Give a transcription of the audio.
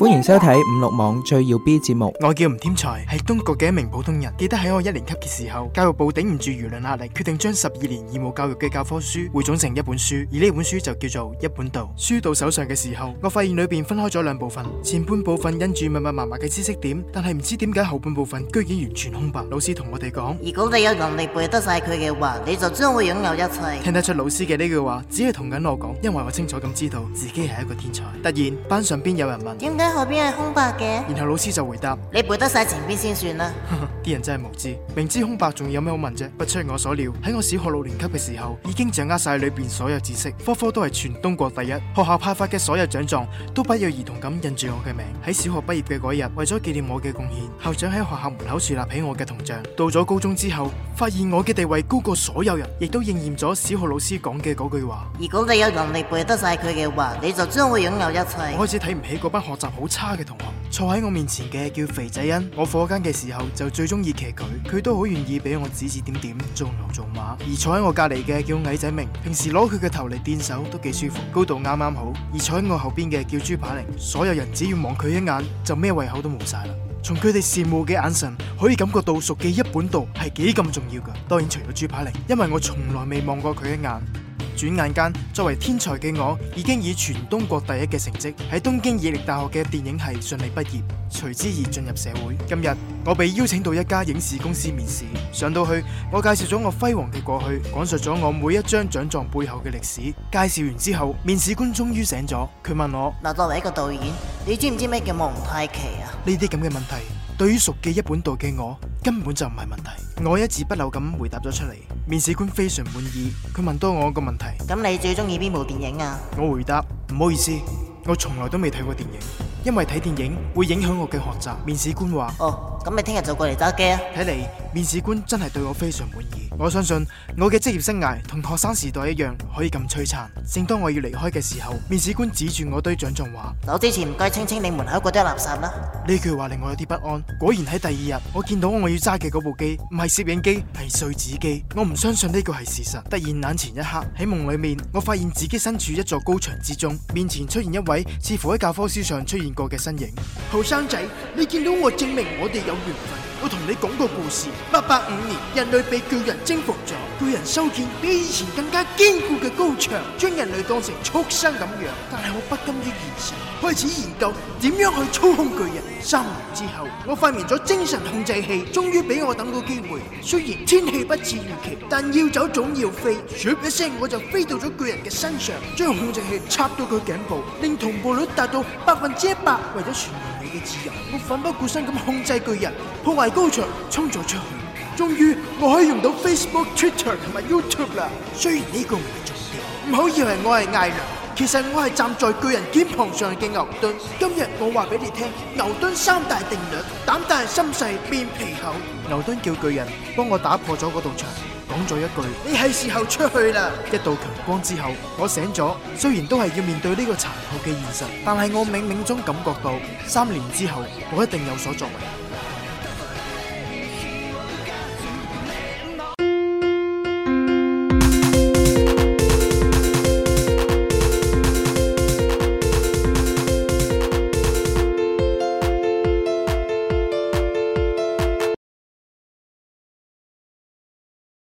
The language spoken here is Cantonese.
歡迎收睇五六網最耀 B 節目。我叫吳添才，係東國嘅一名普通人。記得喺我一年級嘅時候，教育部頂唔住輿論壓力，決定將十二年義務教育嘅教科書匯總成一本書，而呢本書就叫做《一本道》。書到手上嘅時候，我發現裏邊分開咗兩部分，前半部分印住密密麻麻嘅知識點，但係唔知點解後半部分居然完全空白。老師同我哋講：如果你有能力背得晒佢嘅話，你就將會擁有一切。聽得出老師嘅呢句話，只係同緊我講，因為我清楚咁知道自己係一個天才。突然，班上邊有人問：點解？後邊係空白嘅，然後老師就回答：你背得晒前邊先算啦。啲 人真係無知，明知空白仲有咩好問啫？不出我所料，喺我小學六年級嘅時候，已經掌握晒裏邊所有知識，科科都係全東國第一。學校派發嘅所有獎狀，都不約而同咁印住我嘅名。喺小學畢業嘅嗰日，為咗紀念我嘅貢獻，校長喺學校門口豎立起我嘅銅像。到咗高中之後，發現我嘅地位高過所有人，亦都應驗咗小學老師講嘅嗰句話：而如果你有能力背得晒佢嘅話，你就將會擁有一切。我開始睇唔起嗰班學習。好差嘅同學，坐喺我面前嘅叫肥仔恩。我課間嘅時候就最中意騎佢，佢都好願意俾我指指點點，做牛做馬。而坐喺我隔籬嘅叫矮仔明，平時攞佢嘅頭嚟墊手都幾舒服，高度啱啱好。而坐喺我後邊嘅叫豬扒鈴，所有人只要望佢一眼就咩胃口都冇晒啦。從佢哋羨慕嘅眼神，可以感覺到熟記一本道係幾咁重要㗎。當然除咗豬扒鈴，因為我從來未望過佢一眼。轉眼間，作為天才嘅我，已經以全東國第一嘅成績喺東京以力大學嘅電影系順利畢業，隨之而進入社會。今日我被邀請到一家影視公司面試，上到去我介紹咗我輝煌嘅過去，講述咗我每一張獎狀背後嘅歷史。介紹完之後，面試官終於醒咗，佢問我：嗱，作為一個導演，你知唔知咩叫蒙太奇啊？呢啲咁嘅問題，對於熟記一本道嘅我，根本就唔係問題，我一字不漏咁回答咗出嚟。面試官非常滿意，佢問多我一個問題：咁你最中意邊部電影啊？我回答：唔好意思，我從來都未睇過電影，因為睇電影會影響我嘅學習。面試官話：哦，咁你聽日就過嚟揸機啊！睇嚟，面試官真係對我非常滿意。我相信我嘅職業生涯同學生時代一樣可以咁璀璨。正當我要離開嘅時候，面試官指住我堆獎狀話：走之前唔該清清你門口嗰堆垃圾啦。呢句話令我有啲不安。果然喺第二日，我見到我要揸嘅嗰部機唔係攝影機，係碎紙機。我唔相信呢個係事實。突然眼前一黑，喺夢裏面，我發現自己身處一座高牆之中，面前出現一位似乎喺教科書上出現過嘅身影。後生仔，你見到我，證明我哋有緣分。我同你講個故事，八八五年人類被巨人征服咗，巨人修建比以前更加堅固嘅高牆，將人類當成畜生咁樣，但係我不甘於現實。開始研究點樣去操控巨人。三年之後，我發明咗精神控制器，終於俾我等到機會。雖然天氣不似預期，但要走總要飛。咻一聲，我就飛到咗巨人嘅身上，將控制器插到佢頸部，令同步率達到百分之一百。為咗全人類嘅自由，我奮不顧身咁控制巨人，破壞高牆，衝咗出去。終於，我可以用到 Facebook、Twitter 同埋 YouTube 啦。雖然呢個唔係重點，唔好以為我係艾倫。其實我係站在巨人肩膀上嘅牛頓，今日我話俾你聽，牛頓三大定律：膽大心細變皮厚。牛頓叫巨人幫我打破咗嗰道牆，講咗一句：你係時候出去啦。一道強光之後，我醒咗，雖然都係要面對呢個殘酷嘅現實，但係我冥冥中感覺到，三年之後我一定有所作為。